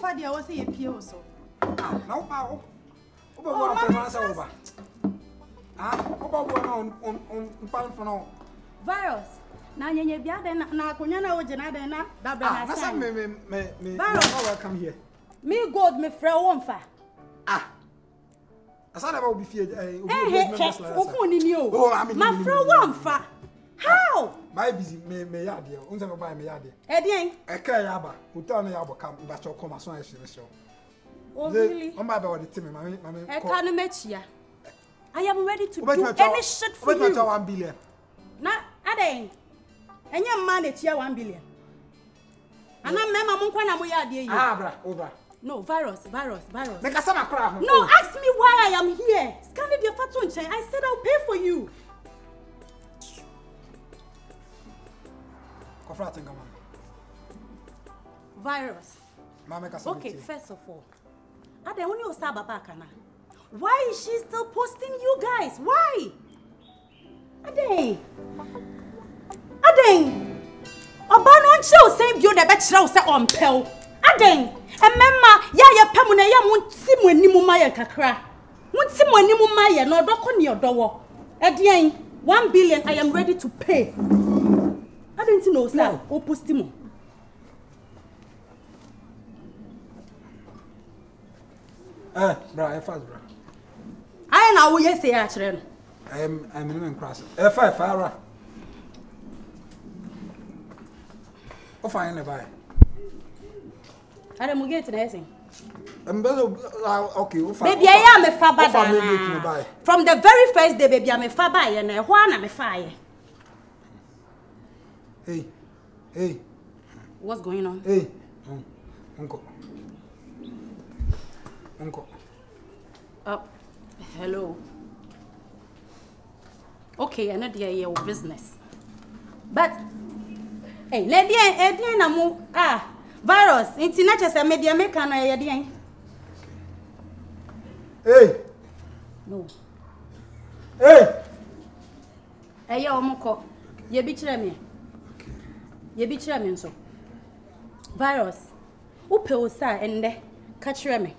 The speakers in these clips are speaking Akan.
mfa deɛ wɔ sɛ yɛpie wo so na woba wobɛbu afɛ ma sɛ woba wobɛboa na mpamfo no virus na nyenye bia den na akonya na wo gyina den na dabre na sa. Ah, me me me me. Virus. welcome here. Me God me frɛ wo mfa. Ah. Asa na ba obi fie eh obi gold me mfa. Eh, check. Wo ni ni o. Oh, I mean. Ma frɛ wo mfa. o. maa bizi me eh, ya yá adiɛ o n sɛ ya báyìí mɛ yá ya ɛ díẹ̀ yín. ɛ kẹ́ ẹ̀ yá ba hotel ni yà bọ̀ really. Eh, ready to do any shit for you. o one billion. na one billion. ana mɛma mu nkɔ na mu ya adiɛ yi. bra No, virus, virus, virus. No, ask me why I am here. your fatu I said I'll pay for you. fratin kama. Virus. Mama Okay, first of all. Ada only osa baba kana. Why is she still posting you guys? Why? Adeng. Adeng. Ọba no nche o same bio na be kire o se ompel. Adeng. Ememma ya ye pemu na ye mu ti mu animu ma ye kakra. Mu ti mu animu ma ye na odoko ni e odowo. Edian 1 billion I am ready to pay didn't know, sir. No. Ó post mọ̀. Eh, bra, ẹ eh, fast, bra. Ayé na wo yẹ sè eh, é àkyerẹ́ no. Ẹm ẹm ní mi nkura sẹ. Ẹ fa ẹ fa ara. Ó fa ayé na báyìí. Adamu gate na ẹ sìn. Eh. Mbẹ́sẹ̀ ah okay ó fa. Bèbí ẹ yá fa bá dáná. Ó fa mi gate na báyìí. From the very first day bèbí à mi fa báyìí ẹ̀ na ẹ̀họ́ à na mi fa ayẹ. Hey, hey. What's going on? Hey, um, uncle. Uncle. Oh, hello. Okay, I know they your business. But, hey, lady, lady, na mu ah virus. Inti na chese media make ya Hey. No. Hey. Hey, ya omuko. Ye yɛbi kyerɛ me nso virus wopɛ wo sa ɛndɛ ka kyerɛ me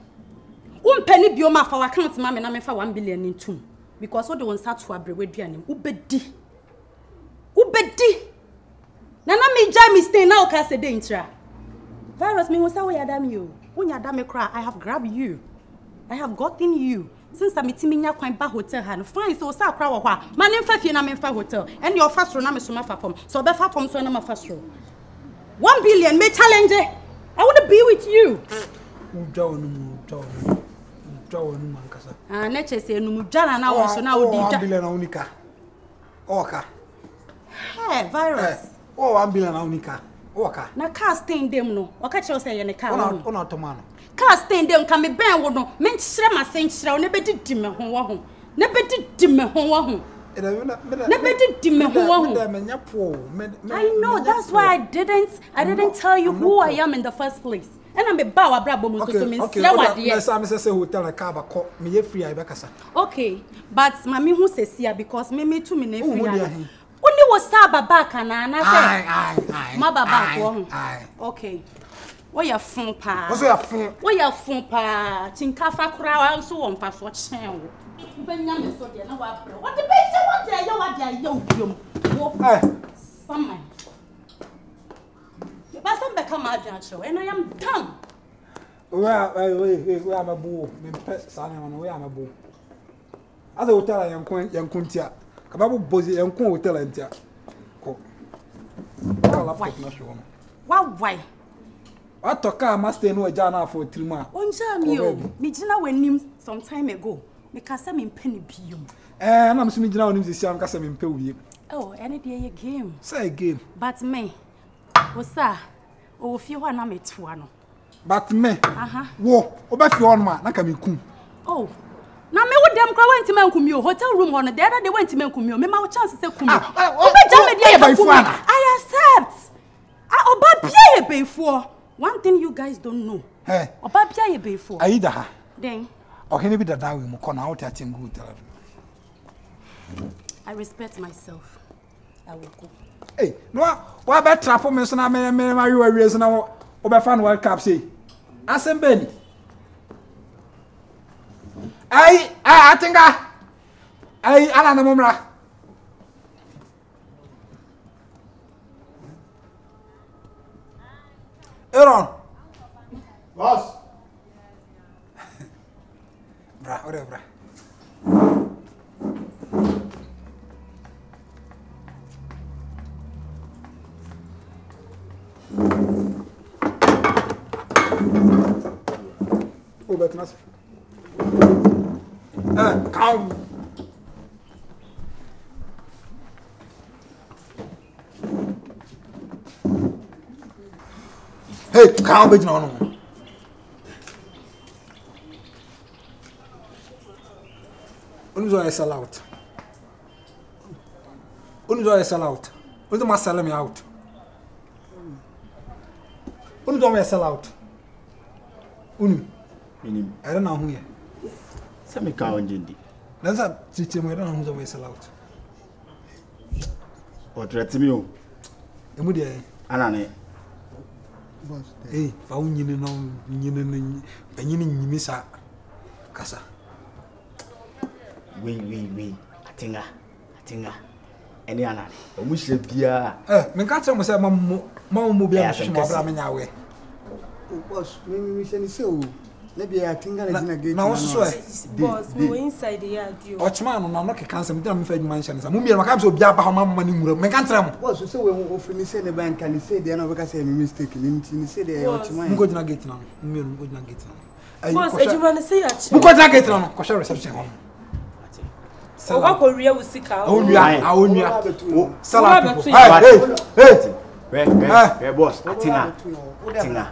wompɛ ne bio ma fa w'account ma me na mefa one billion ne ntom because wode wo nsa to abrɛ w'aduane mu wobɛdi di. Nana mi megyae me stain na woka de dɛ ntira virus mehu sɛ woyɛ ada me o wonya ada me koraa i have grabbed you i have gotten you Since I'm meeting mi nya kwan ba hotel ha no fine sɛ ɔsɛ akora wɔ hɔ a ma ne mfa fie na memfa hotel ɛne ɔfa soro na me so mafa fam sɛ ɔbɛfa fam so na mafa soro one billion me challenge i want to be with you wodwa wɔ no mu wodwa wɔ no wodwa no mu ankasa ah na kyɛ sɛ enum dwa na so now oh, oh, one billion na wo nika ɔka oh, hey virus eh, Oh, one billion na wo nika ɔka na car stain dem no ɔka kyerɛ sɛ yɛ ne car no ɔna kaa stain de nka me bɛn wo no menkyerɛ ma se nkyerɛ wo ne bɛdidi me ho wɔ ho ne bɛdidi me ho wɔ ho ne bɛdidi me ho wɔ ho i know that's why i didn't i didn't tell you who i am in the first place ɛna uh, uh, me ba w'abrabɔ mu soso me nsira wadeɛ ɛsa me sɛ sɛ hotel na kaa bakɔ meyɛ firi a ɛbɛkasa okay but mame ho sɛsia because me metu me na afiri ana wone wɔ saa baba kanaa na sɛ ma baba akoɔ ho okay woyɛ fun paa woso yɛ fun woyɛ fun paa tinkafa koraa wa nso wɔ mfa so kyɛn wo wobɛnya me so deɛ na wabrɛ wɔde bɛyɛ wɔde ayɛ wɔde ayɛ obiom wo eh. sama mebasa mbɛka ma adwene akyerɛ wo ɛno yam dam woyɛ eh, amɛbo eh, wo mempɛ saa nneɛma no woyɛ amɛbo asɛ hotel a yɛnko yɛnko ntia kababo bosi yɛnko hotel a ntia kɔ wala laptop na hwɛ hɔ no wawae atɔ kaa master no ɔgya for three months. mu a ɔngyaa mi o megyina w'anim some time ago meka sɛ mempɛ no bio ɛɛ na meso megyina w'anim sisia meka sɛ mempɛ wie oh ɛne deɛ yɛ game sɛ game but me wo sa ɔwɔ fie hɔ a na metoa no but me wo wobɛfie hɔ nom a na ka mekum oh na me wodam kora wantimi ankumi o hotel room hɔ no the other day wantimi ankumi o mema wo chance sɛ kumi wobɛgya me deɛ yɛ kumi i accept ɔba bia yɛ bɛifoɔ one thing you guys don't know. Hey. Ọba bia yẹ bẹyì fọ. Ayi da ha. Den. Ọhene bi dada awi mu kọ na awotẹ ati ngu dara I respect myself. I will go. Hey, no, wa bɛ trapo mi so na mmiri ma yiwa wie so na o bɛ fa no world cup se. Asem bɛ ni. Ayi, ayi atinga. Ayi, ana ne mu ايران بس براح وريه براح وبتنصر اه كعوم kaa wobɛgyina hɔ no onu sɛ ɔyɛ sell out onu sɛ ɔyɛ sell out onu sɛ masɛlɛ me out onu sɛ ɔyɛ sell out onu ɛrɛ na ho yɛ sɛ meka wo ngye ndi nansa kyekyerɛ mu ɛrɛ na ho sɛ ɔyɛ sell out ɔtrɛte me o ɛmu deɛ anane ee fa wo nyini na nyini na banyini nyimi sa kasa wei wei wei atenga atenga ɛne anane ɔmo hyɛ biara ɛ eh, menka kyerɛ mo sɛ ma mo ma mo biara hwehwɛ mo abra menya awɛ o boss mi mi mi sɛ ni sɛ o maybe I think I didn't get na wọ́n soso ẹ boss we were inside the yard yo ọ̀kyẹ́mà no na ọ̀nà kẹ̀kẹ́ ansẹ̀ mi dẹ́nà mi fẹ́ ẹ̀dwuma nhyẹn nìsa mu mìíràn màkà mi sọ obi aba hàn máa ma ni nwura mu mẹ̀ka ntẹ̀rẹ̀ mu. wọ́n soso wẹ̀ wọ́n going to sẹ́yìn bá nka ní sẹ́yìn díẹ̀ náà wọ́n kásá on. mistake ní ti ní sẹ́yìn díẹ̀ ọ̀kyẹ́mà yẹn. nkógyina gate náà mmiri nkógyina gate náà. boss edwuma ni sẹ́yìn àkyẹ́. nkógyina gate náà kọ́ṣẹ́ reception hàn. ọwọ́ kò rí ewu sika. onua onua salad people hey hey hey boss atina atina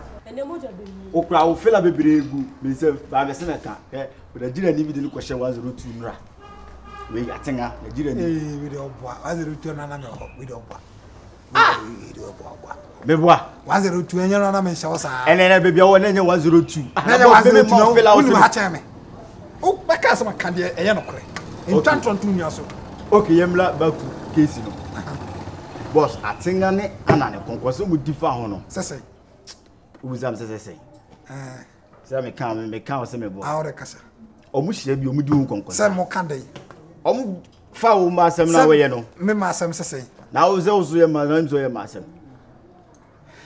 okura wo fela bebree gu mese baabɛsɛ na ka eh, ɛ nigeria ni bi de ne one zero two nra wei atenga nigeria ni. ee eh, wei de ɔboa one zero two nana mi hɔ wei de ɔboa. Ah! wei de ɔboa ɔboa. bɛ boa. one zero two ɛnyɛ nana mi nhyɛw saa. ɛnɛ ɛnɛ beebi awɔ n'ɛnyɛ one zero two. n'ɛnyɛ one zero two na wuli ma akyɛn mi o bɛ kaa sɛ ma ka deɛ ɛyɛ nɔkorɛ ntantɔn tun nua so. ok yɛn mla baku keesi no boss atenga ne ana ne kɔnkɔn wubisa mi sɛ sɛ sɛ sɛ mi kan mi kan sɛ mi bɔ. awo de kasa. ɔmu hyerɛ bi ɔmu di wọn kɔnkɔn. sɛ mo kan de yi. ɔmu fa wo ma asɛm na wɔyɛ no. mi ma asɛm sɛ sɛ. na awo sɛ woso yɛ ma na nso yɛ ma asɛm.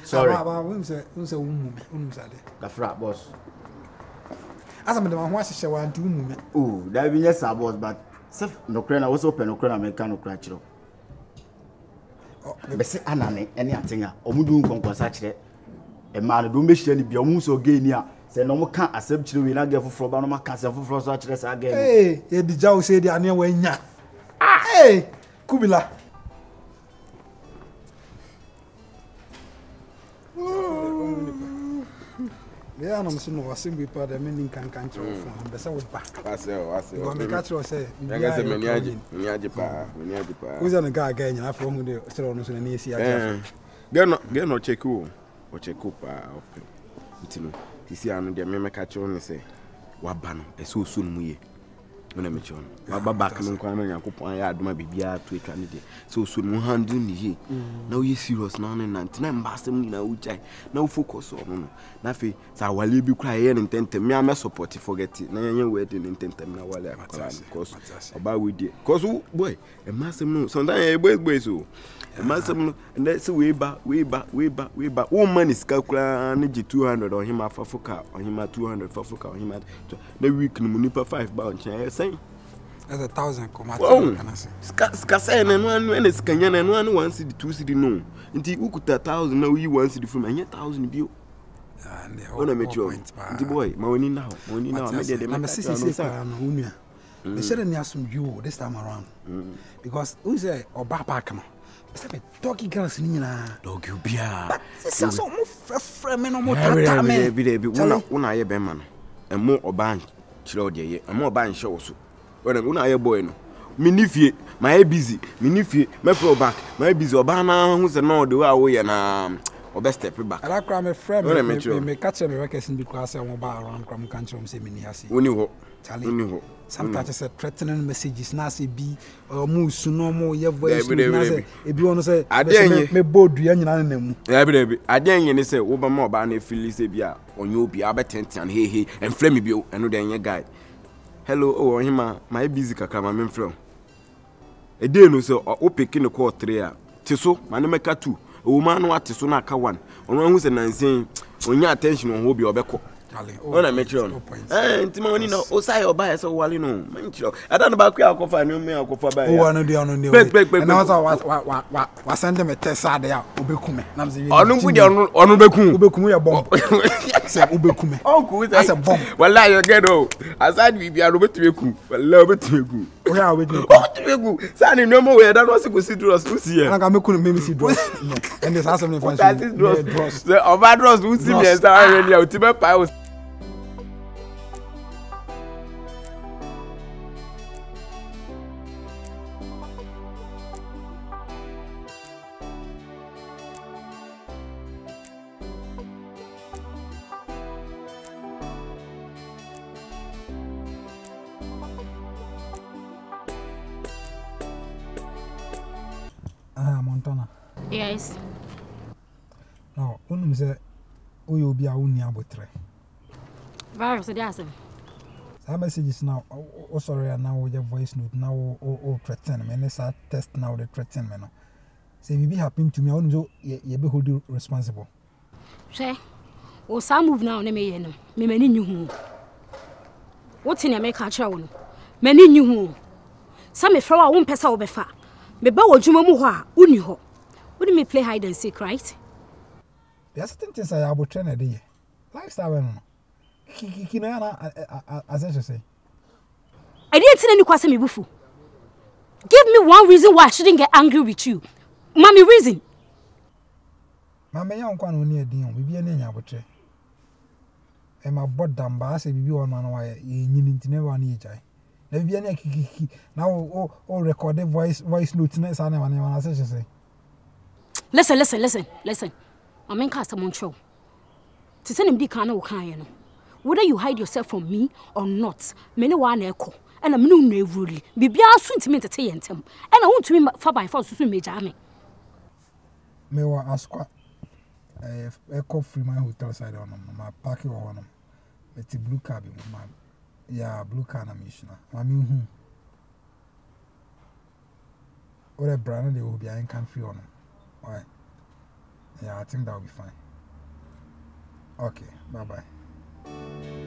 sɔri. aba aba n sɛ n sɛ wun mu mi n sɛ de. dafra bɔs. asa mi dama ho ahyehyɛ wa nti wun mu mi. o daabi n yɛ saa bɔs but sɛ nɔkura na wosow pɛ nɔkura na mi ka nɔkura kyerɛw. bɛsi anani ɛni ati nga ɔmu di wọn kɔnkɔn sa kyerɛ mmaa no dɔm bɛhyia no bia ɔmo nso gay ni a sɛ na ɔmo ka asɛm kyerɛ wei na gɛ foforɔ ba na ɔmo aka asɛm foforɔ so akyerɛ saa gɛ no. ee yɛdi gya wosɛ de aneɛ wɔ anya ah! ee kubila. deɛ anam so no wɔse bi paa dɛ mene nkanka nkyerɛ wo fo bɛ sɛ woba meka kyerɛ wo sɛ wosɛ no kaa gaa nyina afɛ hu de kyerɛ wo no so nani ɛsi agya gɛnɔ kyɛki o ɔkyɛ ko paa ɔpɛ nti no te si ano deɛ memɛka kyerɛ wo ne sɛ waba no ɛsɛ ɔsuo no mu yie mena mekyɛ no waba no nkwan ma nyankopɔn ayɛ adoma biribiaa to atwa no deɛ sɛ ɔsoro mu handle ne yie mm. na woyɛ serious na wone nante na mba asɛm nyinaa wogyae na wofocus ɔno no na afei sɛ awaleɛ bi koraa yɛyɛ no ntɛntɛm mea mɛsupporte forget na yɛnyɛ wɛde no ntɛntɛm na wale akɔraa no ɔbaa wedeɛ cause wo boy ɛma asɛm no sometimes yɛyɛ boys boys o ɛma asɛm no ɛnɛ sɛ weiba weiba weiba weiba womma ne sika koraa ne gye 200 ɔhema fafo ka ɔhema 200 fafo ka ɔhema na week no mu nnipa 5 ba ɔnkyɛn sɛn ɛsɛ thousand kɔma ten kana se. sikasa yɛ nanu anu ɛna sika nya nanu anu one cd two cd no nti ukuta thousand na oyi one cd fún mi ɛnyɛ thousand bi o. ɔna mɛ tiwɔ nti boy ma wani na hɔ ma wani na hɔ mɛ deɛ deɛ mɛ kata ɔno sa. mɛ sɛdeɛ ni asomdwi o this time around mm. because n sɛ ɔba paaki no sɛ mɛ dɔki girls ni nyinaa. dɔki biara. but sisan sɔ mo fɛfɛ mi na mo tata mi. bi dɛ bi dɛ bi wona wona ayɛ bɛn ma no ɛmo ɔbaa kyerɛ deɛ yɛ ama ɔba nhyɛ wɔ so wɔnam wɔn a yɛ bɔɔɛ no mini fie ma busy mini fie mɛfrɛ ɔba ma yɛ busy ɔbaa naa ho sɛ naa ɔde wo a woyɛ naa mm, ɔbɛ step back. ala kura mi frɛ mi mi mi bi kura sɛ wɔn ba around kura mu kankyerɛ sɛ mi ase. wɔn hɔ. Charlie. Sometimes it's threatening messages. Now say be or move soon no more. Yeah, voice. Now say if you want to say, I didn't me bold you any none them. Yeah, baby. I didn't you say over more about any feel say be a on you be about ten ten hey hey and flame be you guy. Hello, oh him ma my e busy kaka ma me from. A day no say o pick in the call three a. Tiso ma ne meka two. O ma no ate so na aka one. Ono hu say nansen. Onya attention on ho bi obekọ ɔna mɛkyerɛ no nti ma woni no ɔsaeɛ ɔbaeɛ sɛ wowale no mɛnkyerɛ ɛda no baako a wɔkɔfa ne ɔmɛ wɔkɔfa baɛwowa no deɛ ɔno deɛɛna sɛ wasɛnde me tɛ sɛ ade a wobɛku me ɔno mpo deɛ ɔno bɛku wobɛkum yɛ bɔm sɛ wobɛku me asɛ bɔm wala yɛgɛ no asade biribia no wobɛtumi aku wala wobɛtumi aku woyɛ a wobɛtumi aku saa ne nneɔma wɔ yɛda no ɔse kɔsi dros wosiɛ anka mɛku no mɛmsi dros ɛnde saa asɛm ne fa sɛ ɔba dros wosi miɛnsa wahwɛ ni a wotumi pae wo Yes. Now, unum sɛ woyɛ be a wonni abutre, Virus de asɛm. Saa messages na wosɔre a na woyɛ voice note na wo oh, oh, oh, threaten me ne saa test now the threaten me no. if it happen to me a wonim sɛ yɛbɛhold you responsible. Hwɛ, wo saa move now a wo ne meyɛ no, mem'ani new. ho. Wote nea meka kyerɛ wo no, m'ani new. ho. Sɛ mefrɛ wo a wompɛ sɛ wobɛfa. Meba wɔ adwuma mu hɔ a wonni hɔ. You me play hide and seek, right? There are certain things I have to train a Lifestyle, no. Kiki, no, no, as I say. I didn't tell any question, me Give me one reason why I shouldn't get angry with you. Mommy, reason. Mamma, young one, only a deal, e maybe an inyabutre. And my bod damn bass, if you are man, why you need never an each eye. Maybe an ekiki now oh all recorded voice voice notes, and I never say listen listen listen listen maame nka asɛm nkyerɛw te sɛ nimdi kan na wokaeɛ no whether you hide yourself from me or not me ne waa na ɛkɔ ɛna mene wonu awuroli biribiara so ntumi ntete yɛ ntɛm ɛna wontumi fa ban susu mmegyaa me mewɔ asokwa ɛkɔ eh, my hotel side hɔ nom ma parke wɔ hɔ nom blue car bi mu ma yɛ blue car na mehyina ma mehu wodɛ bra no deɛ wɔ biaa nka mfiri hɔ Alright. Yeah, I think that'll be fine. Okay, bye bye.